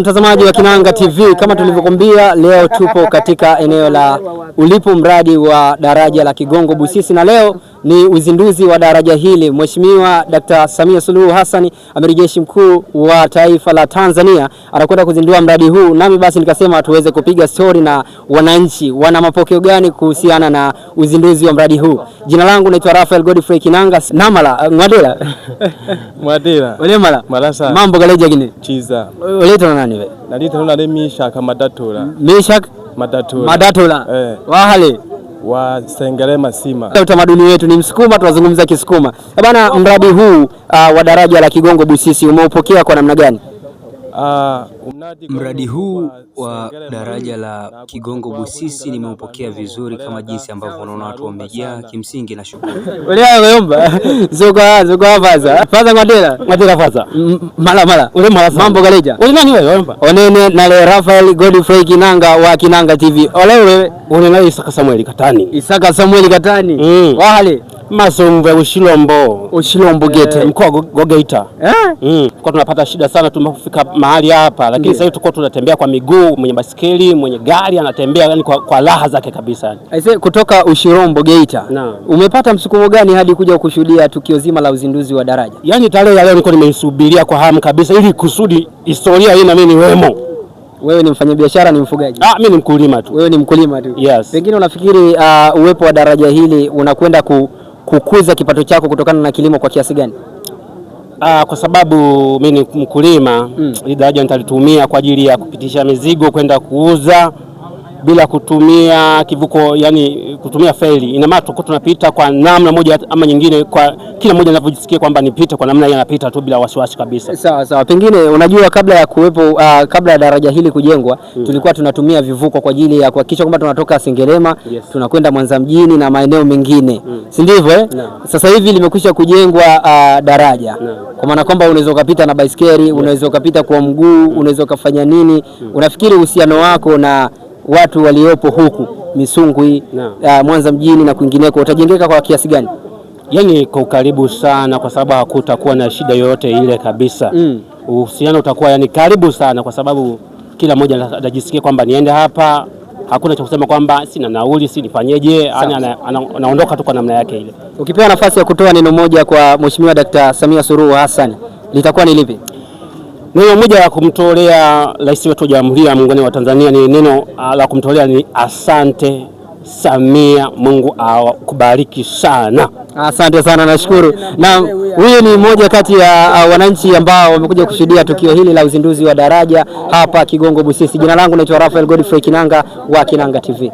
Mtazamaji wa Kinanga TV, kama tulivyokuambia, leo tupo katika eneo la ulipo mradi wa daraja la Kigongo Busisi, na leo ni uzinduzi wa daraja hili. Mheshimiwa Dkt. Samia Suluhu Hassan, amiri jeshi mkuu wa taifa la Tanzania, anakwenda kuzindua mradi huu, nami basi nikasema tuweze kupiga stori na wananchi, wana mapokeo gani kuhusiana na uzinduzi wa mradi huu. Jina langu naitwa Rafael Godfrey Kinanga Namala eh, Mwadela. Mwadela. Ole mala. Mala sa. Mambo galeja gine. Chiza. Ole tana nani we? Nalita le misha kama Madatola. Misha? Madatola. Madatola. Eh. Wahale. Wa sengere Masima. Utamaduni wetu ni Msukuma, tunazungumza Kisukuma. Eh, bana, mradi huu uh, wa daraja la Kigongo Busisi umeupokea kwa namna gani? Uh, mradi huu wa daraja la Kigongo Busisi nimeupokea vizuri kama jinsi ambavyo unaona watu wamejaa, kimsingi na shukrani. Onene na le Rafael Godfrey Kinanga wa Kinanga TV. Ole wewe, onene Isaka Samuel Katani. Isaka Samuel Katani. Mm. Wale. Mazungu ya Ushilombo, Ushilombo eh, Gete, mkoa wa Geita. Eh? Mm. Kwa tunapata shida sana tumefika mahali hapa, lakini sasa tuko tunatembea kwa miguu, mwenye basikeli, mwenye gari anatembea yani kwa, kwa raha zake kabisa Aise, kutoka Ushilombo Geita. Na. Umepata msukumo gani hadi kuja kushuhudia tukio zima la uzinduzi wa daraja? Yaani tarehe ya leo niko nimeisubiria kwa hamu kabisa ili kusudi historia hii na mimi niwemo. Wewe ni mfanyabiashara, ni mfugaji? Ah, mimi ni mkulima tu. Wewe ni mkulima tu. Yes. Pengine unafikiri uh, uwepo wa daraja hili unakwenda ku kukuza kipato chako kutokana na kilimo kwa kiasi gani? Ah, kwa sababu mimi ni mkulima, mm. daraja nitalitumia kwa ajili ya kupitisha mizigo kwenda kuuza bila kutumia kivuko, yani kutumia feli. Ina maana tuko tunapita kwa namna moja ama nyingine, kwa kila mmoja anavyojisikia kwamba nipite kwa namna hiyo, anapita tu bila wasiwasi kabisa. Sawa sawa, pengine unajua, kabla ya kuwepo uh, kabla ya daraja hili kujengwa mm. tulikuwa tunatumia vivuko kwa ajili ya kuhakikisha kwamba tunatoka Sengerema yes. tunakwenda Mwanza mjini na maeneo mengine mm. si ndivyo eh? no. Sasa hivi limekwisha kujengwa uh, daraja no. kwa maana kwamba unaweza ukapita na baisikeli yes. unaweza ukapita kwa mguu mm. unaweza ukafanya nini mm. unafikiri uhusiano wako na watu waliopo huku Misungwi no. Ah, Mwanza mjini na kwingineko utajengeka kwa kiasi gani? Yani kwa ukaribu sana, kwa sababu hakutakuwa na shida yoyote ile kabisa. Mm. Uhusiano mm. utakuwa yani karibu sana, kwa sababu kila mmoja atajisikia kwamba niende hapa, hakuna cha kusema kwamba sina nauli, si nifanyeje, yaani anaondoka tu kwa namna yake ile. Ukipewa nafasi ya kutoa neno moja kwa Mheshimiwa Dkt. Samia Suluhu Hassan litakuwa ni lipi? Neno moja la kumtolea rais wetu wa Jamhuri ya Muungano wa Tanzania ni neno la kumtolea ni asante Samia, Mungu akubariki sana. Asante sana, nashukuru. Na huyu ni mmoja kati ya wananchi ambao wamekuja kushuhudia tukio hili la uzinduzi wa daraja hapa Kigongo Busisi. Jina langu naitwa Rafael Godfrey Kinanga wa Kinanga TV.